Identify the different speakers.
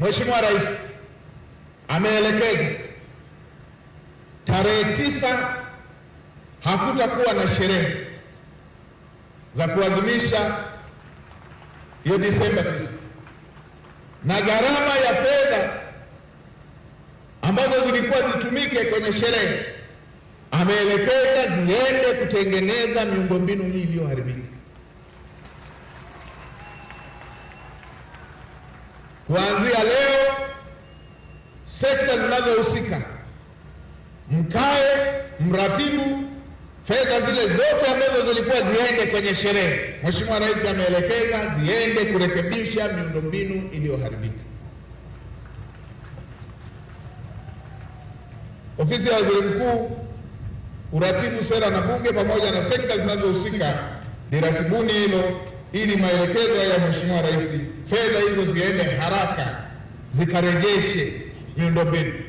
Speaker 1: Mheshimiwa Rais ameelekeza tarehe tisa hakutakuwa na sherehe za kuadhimisha hiyo Disemba tisa, na gharama ya fedha ambazo zilikuwa zitumike kwenye sherehe ameelekeza ziende kutengeneza miundombinu hii iliyoharibika. Kuanzia leo sekta zinazohusika mkae mratibu fedha zile zote ambazo zilikuwa ziende kwenye sherehe. Mheshimiwa Rais ameelekeza ziende kurekebisha miundombinu iliyoharibika. Ofisi ya Waziri Mkuu uratibu sera na Bunge pamoja na sekta zinazohusika, liratibuni hilo ili maelekezo ya Mheshimiwa Rais, fedha hizo ziende haraka zikarejeshe miundombinu.